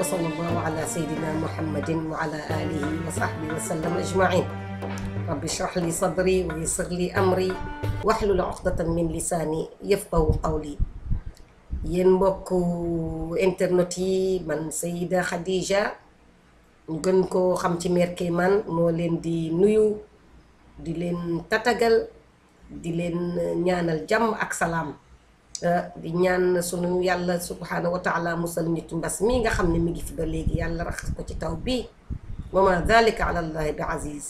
وصلى الله على سيدنا محمد وعلى اله وصحبه وسلم اجمعين رب اشرح لي صدري ويسر لي امري واحلل عقدة من لساني يفقه قولي ينبكو انترنتي من سيدة خديجة نغنكو خمتي ميركي من مولين دي نيو دي لين تتغل دي لين نيانال الجم اكسلام سلام di ñaan sunu yàlla subhanahu wa taala musal ñu ci mbas mii nga xam ne mi ngi fi ba léegi yàlla raxas ko ci taw bii wa ma dalika ala allahi bi aziz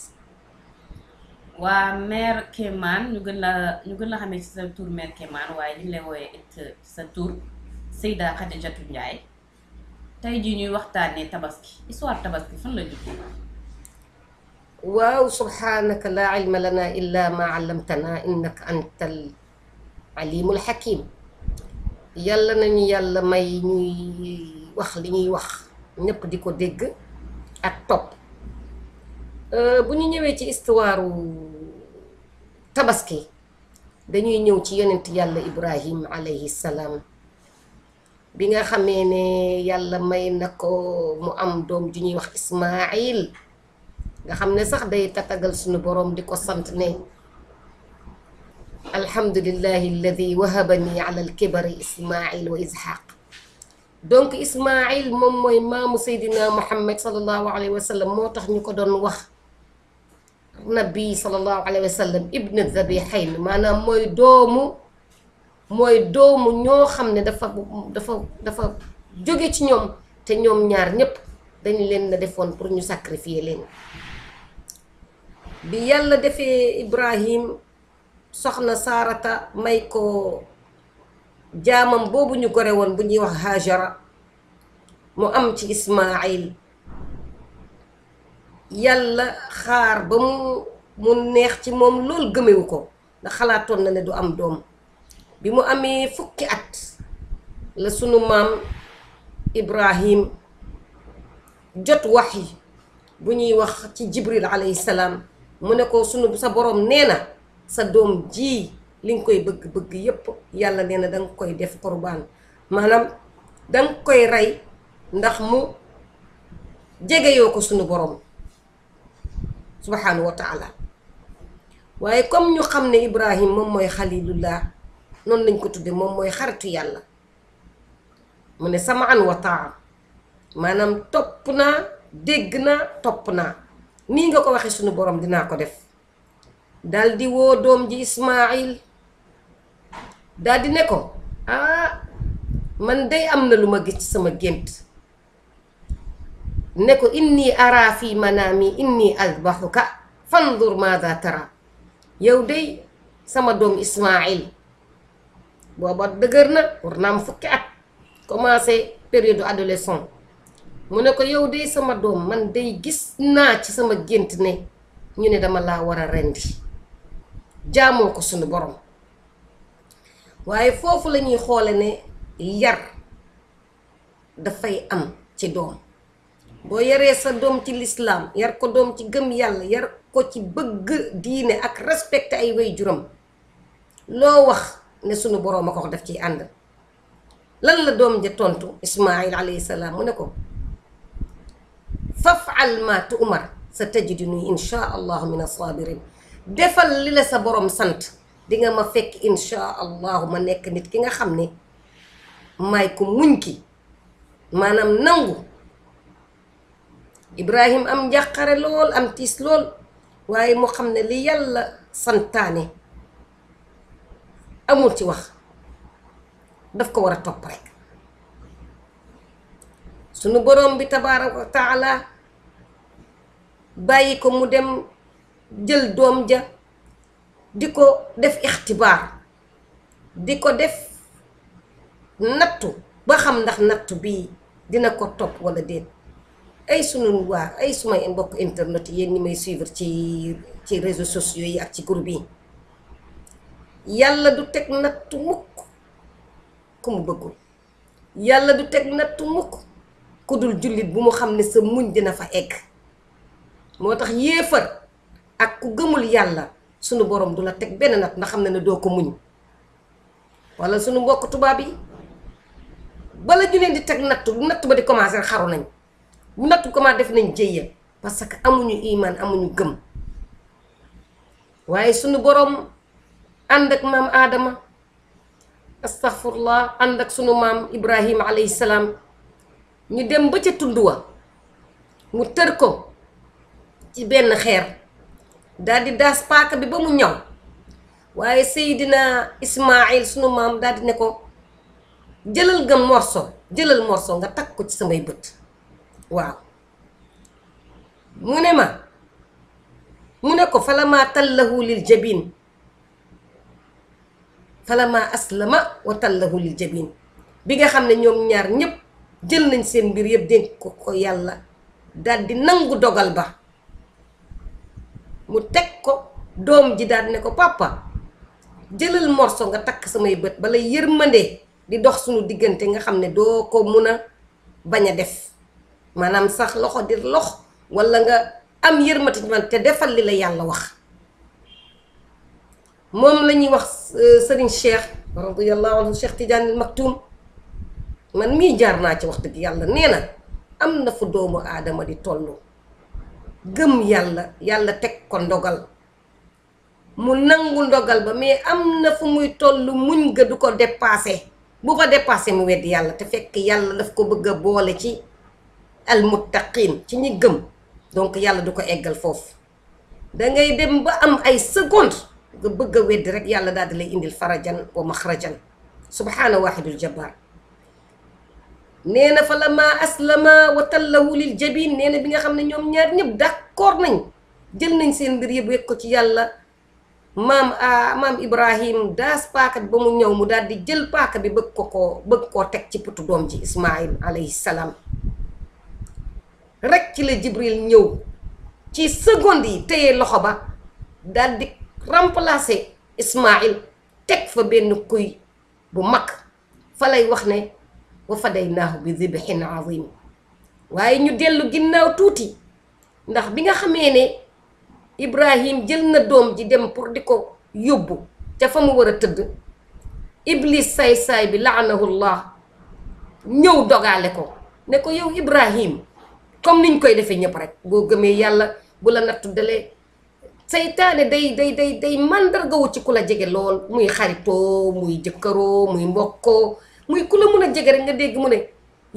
waa mère Kéman ñu gën la ñu gën la xamee ci sa tur mère Kéman waaye ñu lay wooyee it sa tur Seyda Khadijatou Ndiaye tey jii ñuy waxtaanee tabaski histoire tabaski fan la jógee waaw subhanaka laa ilma lana illa ma allamtana innaka anta al alimu al hakim yàlla nañu yàlla may ñuy wax li ñuy wax ñépp di ko dégg ak topp euh, bu ñu ñëwee ci histoire tabaski dañuy ñëw ci yonent yàlla ibrahim alayhi salaam bi nga xamee ne yàlla may na ko mu am doom ju ñuy wax ismail nga xam ne sax day tatagal suñu boroom di ko sant ne الحمد لله الذي وهبني على الكبر إسماعيل وإسحاq donc Ismaïl moom mooy maamu Seydina Muhammad sallallahu alayhi wa sallam moo tax ñu ko doon wax nabi sallallahu alayhi wa sallam ibnu dhabihayn maanaam mooy doomu mooy doomu ñoo xam ne dafa dafa dafa jóge ci ñoom te ñoom ñaar ñépp dañu leen na defoon pour ñu sacrifier leen bi yàlla defee Ibrahim soxna saarata may ko jaamam boobu ñu gore woon bu ñuy wax hajara mu am ci ismail yàlla xaar ba mu mu neex ci moom loolu gëmewu ko ndax xalaatoon na ne du am doom bi mu amee fukki at la sunu maam ibrahim jot wax yi bu ñuy wax ci jibril alayhi salaam mu ne ko sunu sa boroom nee na sa dom ji ling koy bëgg-bëgg yépp yalla nee dang koy def qurban manam dang koy ray ndax mu jegeyoo ko sunu borom subhanahu wa taala waye comme ñu xam ibrahim mom moy khalilullah non lañ ko tuddé mom moy xaritu yalla mune sam'an wa taa manam topna degna topna ni nga ko waxe sunu borom dina ko def dal di woo doom ji Ismaayil dal di ne ko ah man day am na lu ma gis ci sama gént ne ko inni ara fi manaami inni azbahuka fandur maada tara yow day sama doom Ismaayil booba dëgër na pour naa am fukki at commencé période adolescent mu ne ko yow day sama doom man dey gis naa ci sama gént ne ñu ne dama laa war a rendi jaamoo ko sunu boroom waaye foofu la ñuy xoole ne yar dafay am ci doom boo yaree sa doom ci lislaam yar ko doom ci gëm yàlla yar ko ci bëgg diine ak respecté ay waajuram loo wax ne sunu borom a ko def ciy ànd lan la doom ja tontu Ismaayil alayhi salaam mu ne ko fafal ma tu'mar sa tajiduni insha allahu min assabirin defal li la sa borom sant dinga ma fekk insha allahu ma nekk nit ki nga xam ne may ko muñ ki maanaam nangu Ibrahim am njàqare lool am tiis lool waaye moo xam ne li yàlla santaane amul ci wax daf ko war a topp rek sunu borom bi tabaaraka wa bàyyi ko mu dem jël dom ja diko def ikhtibar diko def natu, ba xam ndax bi, di dina ko top wala deet ay sunu waa ay sumay mbokk internet yeen ni may suivre ci ci réseaux sociaux yi ak ci groupe bi yalla du tek nattu mukk kum mu yalla du tek nattu mukk kudul julit bu mu xamne sa muñ dina fa egg motax yéfer ak ku gëmul yàlla sunu boroom du la teg benn nat ndax xam na ne doo ko muñ wala sunu mbokk tubaab yi bala ñu leen di teg natt natt ba di commencé xaru nañ bu natt bi commencé def nañ jëyya parce que amuñu iman amuñu gëm waaye sunu borom ànd ak maam Adama astaghfirullah ànd ak sunu maam Ibrahima alayhi salaam ñu dem ba ca tund wa mu tër ko ci benn xeer. daldi di daas paaka bi ba mu ñaw waaye Seydina Ismaayil sunu maam daal ne ko jëlal nga morso jëlal morso nga takk ko ci samay bët waaw mu ne ma mu ne ko falama tallahu lil jabin falama aslama wa tallahu jabin bi nga xam ne ñoom ñaar ñépp jël nañ seen mbir yëpp dénk ko ko yàlla daldi nangu dogal ba mu tek ko dom ji dal ne ko papa jeulal morso nga tak samay beut bala yermande di dox sunu digeunte nga xamne do ko muna baña def manam sax loxo dir lox wala nga am yermati man te defal lila yalla wax mom lañuy wax euh, serigne cheikh radiyallahu anhu cheikh tidiane maktoum man mi jarna ci wax am fu doomu adama di tollu gëm yàlla yàlla teg ko ndogal mu nangu ndogal ba mais am na fu muy toll muñ nga du ko dépassé bu ko dépassé mu weddi yàlla te fekk yàlla daf ko bëgg a boole ci almuttaqin ci ñi gëm donc yàlla du ko eggal foofu dangay dem ba am ay seconde nga bëgg a weddi rek yàlla daal di lay indil farajan wa maxrajan subhaana wahidul jabbar nee na fa la ma aslama wa tallahu lil jabin nee bi nga xam ne ñoom ñaar ñëpp d'accord nañ jël nañ seen mbir yëpp wekk ko ci yàlla maam a maam ibrahim daas paaka bi ba mu ñëw mu daal di jël paaka bi bëgg ko koo bëgg koo teg ci putu doom ji ismail alayhi salaam rek ci la jibril ñëw ci seconde yi téye loxo ba daldi di remplacer teg fa benn kuy bu mag fa lay wax ne wa fadaynaahu bi dibhin azim waaye ñu dellu ginnaaw tuuti ndax bi nga xamee ne Ibrahim jël na doom ji dem pour di ko yóbbu ca fa mu war a tëdd iblis saay-saay bi laanahullah ñëw dogale ko ne ko yow Ibrahim comme niñ koy defee ñëpp rek boo gëmee yàlla bu la nattu dalee seytaane day day day day màndargawu ci ku la jege lool muy xaritoo muy jëkkëroo muy mbokkoo muy ku la mun a jege rek nga dégg mu ne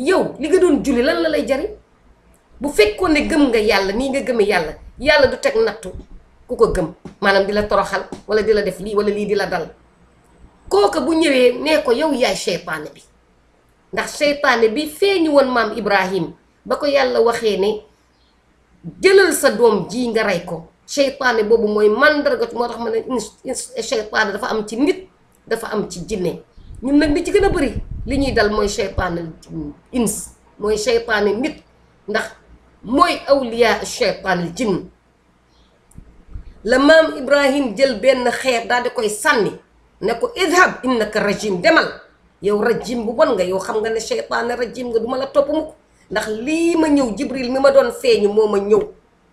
yow li nga doon julli lan la lay jariñ bu fekkoon ne gëm nga yàlla nii nga gëmee yàlla yàlla du teg nattu ku ko gëm maanaam di la toroxal wala di la def lii wala lii di la dal kooka bu ñëwee nee ko yow yaay seytaane bi ndax seytaane bi feeñu woon maam Ibrahim ba ko yàlla waxee ne jëlal sa doom ji nga rey ko seytaane boobu mooy màndarga moo tax ma ne seytaane dafa am ci nit dafa am ci jinne ñun nag li ci gën a bëri li ñuy dal mooy cheytaane ins mooy cheytaane nit ndax mooy awliya cheytaane jinn la maam Ibrahim jël benn xeer daal di koy sànni ne ko idhab innaka rajim demal yow rajim bu bon nga yow xam nga ne cheytaane rajim nga duma la topp mukk ndax lii ma ñëw jibril mi ma doon feeñu moo ma ñëw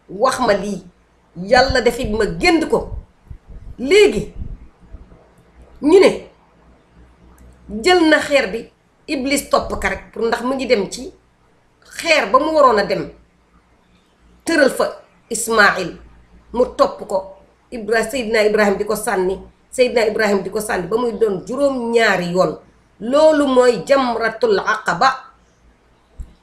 wax ma lii yàlla defi ma génd ko léegi ñu ne jël na xeer bi iblis topp ka rek pour ndax mu ngi dem ci xeer ba mu waroon a dem tëral fa Ismaayil mu topp ko Ibra Seydina Ibrahim di ko sànni Seydina Ibrahim di ko sànni ba muy doon juróom-ñaari yoon loolu mooy jamratul aqaba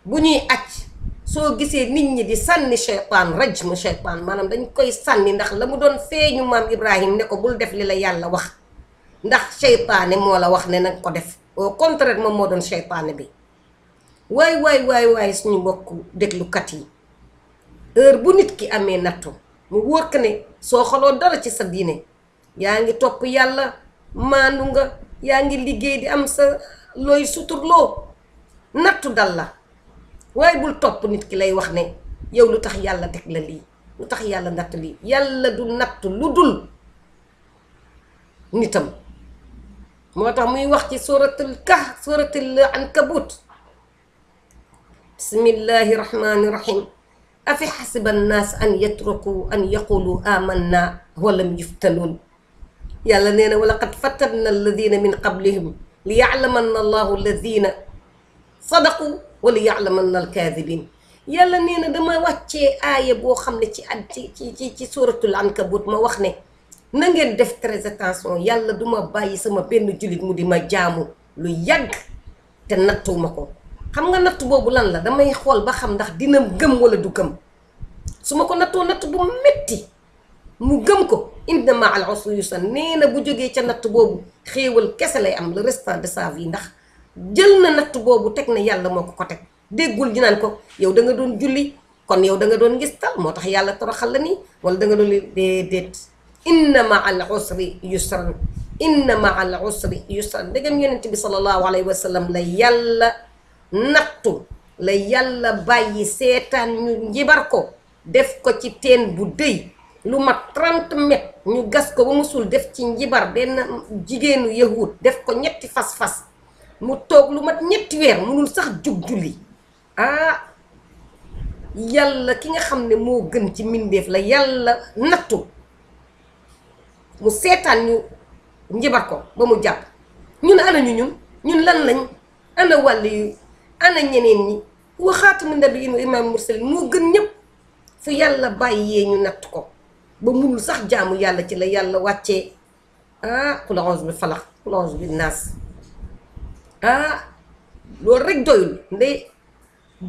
bu ñuy acc soo gisee nit ñi di sànni cheytaan mu cheytaan maanaam dañ koy sànni ndax la mu doon feeñu maam Ibrahim ne ko bul def li la yàlla wax ndax seytaane moo la wax ne nag ko def au contraire moom moo doon seytaane bi waay waay waay waay suñu mbokk déglukat yi heure bu nit ki amee nattu mu wóor ko ne soo xoloo dara ci sa diine yaa ngi topp yàlla maandu nga yaa ngi liggéey di am sa looy suturloo nattu dal la waaye bul topp nit ki lay wax ne yow lu tax yàlla teg la lii lu tax yàlla natt lii yàlla du natt lu dul nitam موتاه مي سورة الكه سورة العنكبوت بسم الله الرحمن الرحيم أفي حسب الناس أن يتركوا أن يقولوا آمنا ولم يفتنون يا لنين ولقد فتنا الذين من قبلهم ليعلمن الله الذين صدقوا وليعلمن الكاذبين يا لنين دما واتشي آية بو خمنا تي سورة العنكبوت ما وخني na ngeen def très yàlla du ma bàyyi sama benn jullit mu di ma jaamu lu yàgg te nattuwuma ko xam nga natt boobu lan la damay xool ba xam ndax dina gëm wala du gëm su ma ko nattoo natt bu metti mu gëm ko inna ma al usri sa nee na bu jógee ca natt boobu xéewal kese lay am le restant de sa ndax jël na nattu boobu teg na yàlla moo ko ko teg déggul ñu naan ko yow da nga doon julli kon yow da nga doon gis tal moo tax yàlla toroxal la nii wala da nga inna ma al usri yusran inna ma al usri yusran ndegam yonent bi sallallahu alayhi wa sallam la yàlla nattu la yàlla bàyyi seetaan ñu njibar ko def ko ci teen bu dëy lu mat 30 mètres ñu gas ko ba musul def ci njibar benn jigéenu yahud def ko ñetti fas-fas mu toog lu mat ñetti weer munul sax jug julli ah yàlla ki nga xam ne moo gën ci mbindeef la yàlla nattu mu seetaan ñu njabar ko ba mu jàpp ñun ana ñu ñun ñun lan lañ ana wàllu yu ana ñeneen ñi wa xaatamu nabiyiin wa moo gën ñëpp fu yàlla bàyyee ñu natt ko ba munul sax jaamu yàlla ci la yàlla wàccee ah qul a'uuzu bi falax qul bi naas ah loolu rek doyul ndey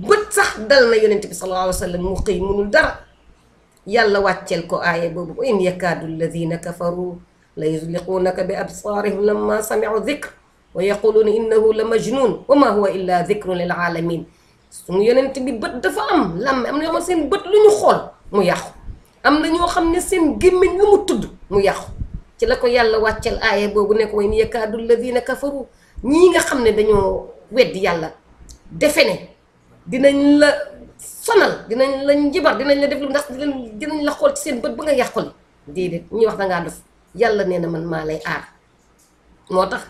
bët sax dal na yonent bi sallallahu alayhi wa sallam mu xëy munul dara. يلا واتلكو آية بوبو إن يكاد الذين كفروا ليزلقونك بأبصارهم لما سمعوا ذكر ويقولون إنه لمجنون وما هو إلا ذكر للعالمين suñu yonent bi bët dafa am lam am na ñoo xam seen bët lu ñu xool mu yàqu am na ñoo xam ne seen gémmiñ lu mu tudd mu yàqu ci la ko yàlla wàccel aaya boobu ne ko way ni yakaadu ladina kafaru ñii nga xam ne dañoo weddi yàlla defe ne dinañ la sonal dinañ la jibar dinañ la def lu ndax dinañ la xool ci seen bët ba nga yàquli déedéet ñuy wax dangaa dof yàlla nee na man maa lay aar moo tax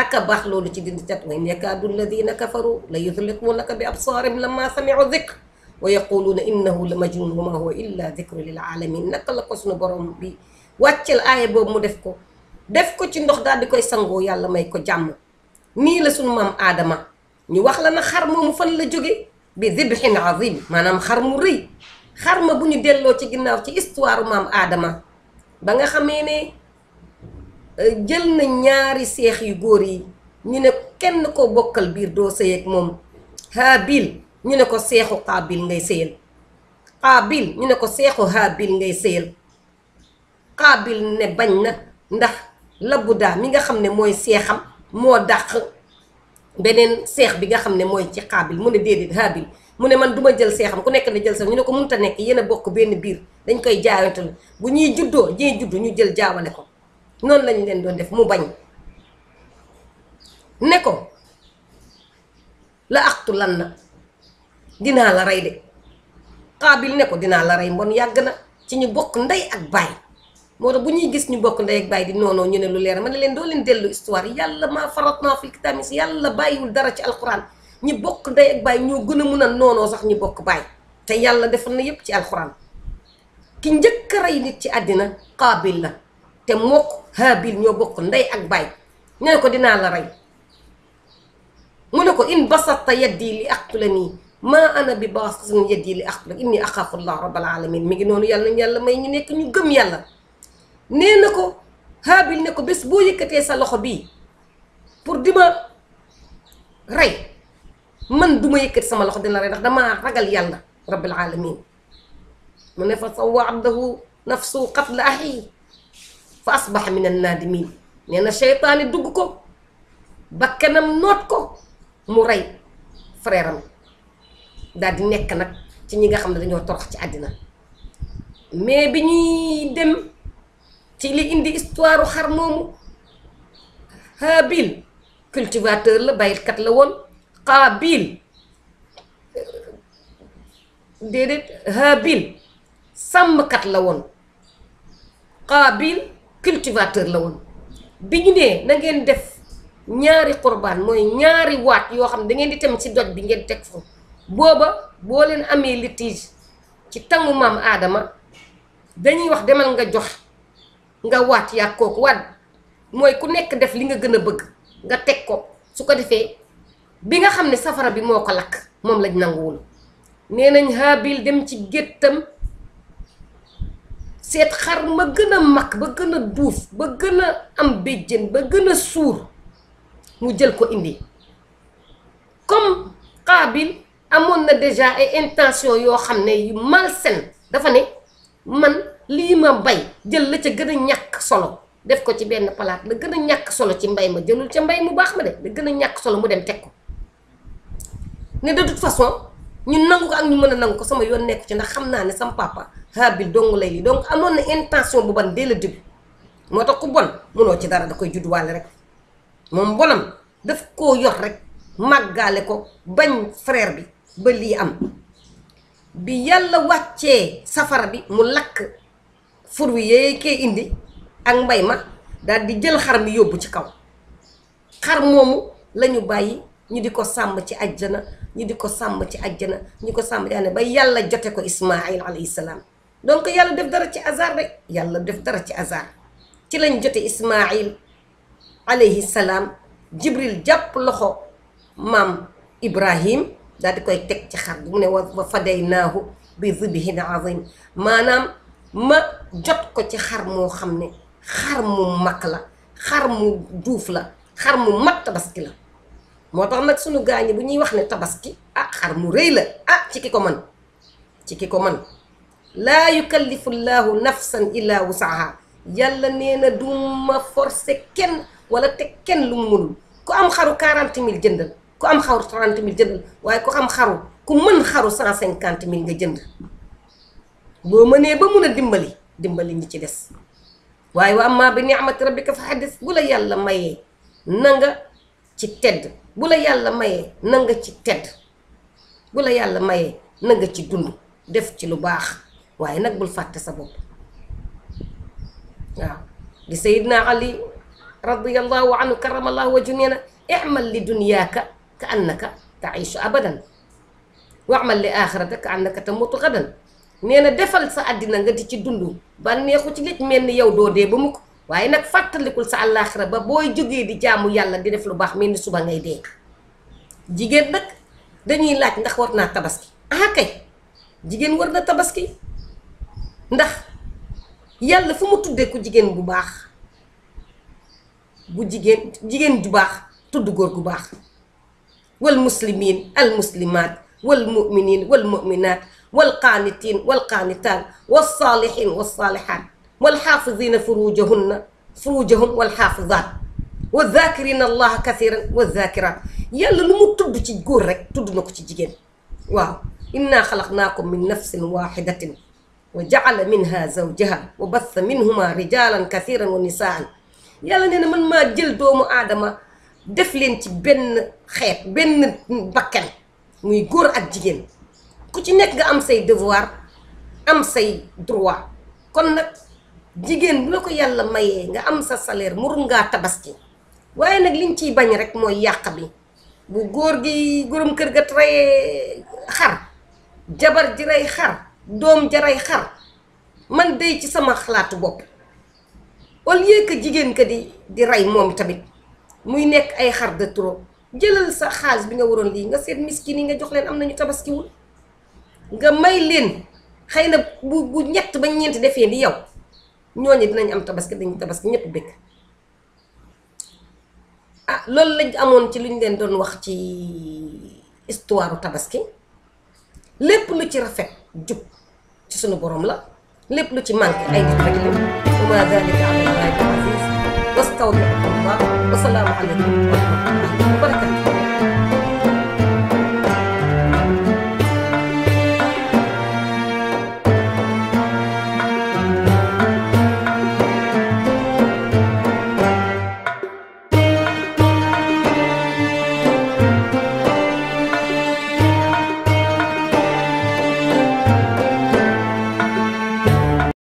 ak a baax loolu ci dindi cat wa in yakaadu alladina kafaru la yudliquunaka bi absaarim lamma samiu dikr wa yaquluuna innahu la majnun wa ma huwa illa dikru lil alamin naka la ko suñu borom bi wàccel aaya boobu mu def ko def ko ci ndox daal di koy sangoo yàlla may ko jàmm nii la suñu maam aadama ñu wax la na xar moomu fan la jóge بذبح عظيم مانام خرموري خرم بني ديلو تي غيناو تي استوار مام ادمه باغا خامي ني جيلنا نياري شيخ يي غوري ني نك كين كو بوكال بير دوسييك موم هابيل ني كو شيخو قابيل ناي سيل قابيل ني نكو شيخو هابيل ناي قابيل ني باغنا لبودا ميغا خامني موي شيخام مو دخ beneen seex bi nga xam ne mooy ci xaabil mu ne déedéet haabil mu ne man duma ma jël seexam ku nekk na jël sa ñu ne ko mënut a nekk yéen bokk benn biir dañ koy jaayantal bu ñuy juddoo ñee juddu ñu jël jaawale ko noonu lañ leen doon def mu bañ ne ko la axtu lan na dinaa la rey de xaabil ne ko dinaa la rey mbon yàgg na ci ñu bokk ndey ak baay moo tax bu ñuy gis ñu bokk ndey ak baay di noonoo ñu ne lu leer ma ne leen doo leen dellu histoire yàlla maa farat naa fil kitaab yàlla bàyyiwul dara ci alxuraan ñi bokk ndey ak baay ñoo gën a mun a noonoo sax ñi bokk baay te yàlla defal na yépp ci alxuraan ki njëkk a ci àddina qaabil la te mook haabil ñoo bokk ndey ak baay ko dinaa la rey mu ne ko in basatta yaddi li aqtula nii bi baasitin yaddi li aqtula inni axaafu llah rabbal alamin mi ngi noonu yàlla yàlla may ñu nekk ñu gëm yàlla nee na ko Haabil ne ko bés boo yëkkatee sa loxo bii pour di ma rey man du ma yëkkati sama loxo dina rey ndax damaa ragal yàlla rabbil alamin mu ne fa sawwaathu nafsu qatla axi fa asbaxa na annaadimin nee na seytaane dugg ko bakkanam noot ko mu rey frère am daal di nekk nag ci ñi nga xam ne dañoo torox ci àddina mais bi ñuy dem ci li indi histoire xar moomu Haabil cultivateur la baykat la woon Qaabil déedéet Haabil sàmmkat la woon Qaabil cultivateur la woon bi ñu nee na ngeen def ñaari qurbaan mooy ñaari waat yoo xam da ngeen di tem ci doj bi ngeen teg foofu booba boo leen amee litige ci tangu maam aadama dañuy wax demal nga jox nga ya ya kok wad moy ku nek def li nga gëna bëgg nga tek ko su ko defé bi nga xamné safara bi moko lak mom lañ nangul nee nañ dem ci géttam seet xar ma gëna mak ba gëna douf ba gëna am béjjën ba gëna sour mu jël ko indi comme qabil amon na déjà ay intention yo xamné yu malsaine dafa né man lii ma bay jël la ca gën a ñàkk solo def ko ci benn palaat la gën a ñàkk solo ci mbay ma jëlul ca mbay mu baax ma de la gën a ñàkk solo mu dem teg ko ne de toute façon ñu nangu ko ak ñu mën a nangu ko sama yoon nekku ci ndax xam naa ne sama papa habil dong lay lii donc amoon na intention bu ban dee la début moo tax ko bon munoo ci dara da koy judduwaale rek moom bonam daf koo yor rek màggaale ko bañ frère bi ba lii am bi yàlla wàccee safara bi mu lakk fur wi yee kee indi ak mbay ma dal di jël xar mi yóbbu ci kaw xar moomu lañu bàyyi ñu di ko sàmm ci ajjana ñu di ko sàmb ci ajjana ñu ko sàmm ci ajjana ba yàlla jote ko ismail alayhi salaam donc yàlla def dara ci hasard yàlla def dara ci hasard ci lañ jote ismail alayhi salaam jibril jàpp loxo maam ibrahim daal di koy teg ci xar bi mu ne wa fadaynaahu bi zibhin azim maanaam ma jot ko ci xar moo xam ne xar mu mag la xar mu duuf la xar mu mag tabaski la moo tax nag sunu gaañi bu ñuy wax ne tabaski ah xar mu rëy la ah ci ki ko man ci ki ko man laa yukallifu llaahu nafsan illa wusaha yàlla nee na du ma forcé kenn wala teg kenn lu mu mënul ku am xaru 40 000 jëndal ku am xaru 30 000 jëndal waaye ku am xaru ku mën xaru cinquante 000 nga jënd boo mënee ba meuna dimbali dimbali ñi ci dess waaye wa amma bi ni'mat rabbika fa xaddis bu yàlla maye nanga ci tedd bula yàlla maye nanga ci tedd bula yàlla maye nanga ci dund def ci lu bax waye nak bul fàtte sa bop waaw di sayidna ali radiyallahu anhu karamallahu waju imal li dunyaka ka annaka taishu abadan wa amal li axirata annaka tamutu nee na defal sa àddina nga di ci dund ba ci léegi mel ni yow doo dee ba mu ko waaye nag fàttalikul sa àllaaxira ba booy jógee di jaamu yàlla di def lu baax mel ni suba ngay dee jigéen nag dañuy laaj ndax war naa tabaski ah jigéen war na tabaski ndax yàlla fu mu tuddee ku jigéen bu baax bu jigéen jigéen ju baax tudd góor gu baax wal muslimiin al muslimaat wal mu'miniin wal mu'minaat والقانتين والقانتان والصالحين والصالحات والحافظين فروجهن فروجهم والحافظات والذاكرين الله كثيرا والذاكرات يلا لمو تب تي رك تدنو كو جيجين واو انا خلقناكم من نفس واحده وجعل منها زوجها وبث منهما رجالا كثيرا ونساء يلا أنا من ما جل دوم ادم def بن خيط بن xeet ويجور أجين ku ci nekk nga am say devoir am say droit kon nag jigéen bu la ko yàlla mayee nga am sa salaire murum ngaa tabaski waaye nag liñ ciy bañ rek mooy yàq bi bu góor gi góoram kër ga reyee xar jabar ji rey xar doom jaray xar man day ci sama xalaatu bopp au lieu que jigéen ka di di rey moom tamit muy nekk ay xar de trop jëlal sa xaalis bi nga waroon lii nga seet miskin yi nga jox leen am nañu tabaskiwul nga may leen xeyna bu bu ñett ba ñent defé di yow ñoñu dinañ am tabaski dañ tabaski ñepp bekk ah lool lañ amoon ci luñ leen doon wax ci histoire tabaski lepp lu ci rafet jub ci suñu borom la lepp lu ci manqué ay nit rek la wa ala wa alaykum wa rahmatullahi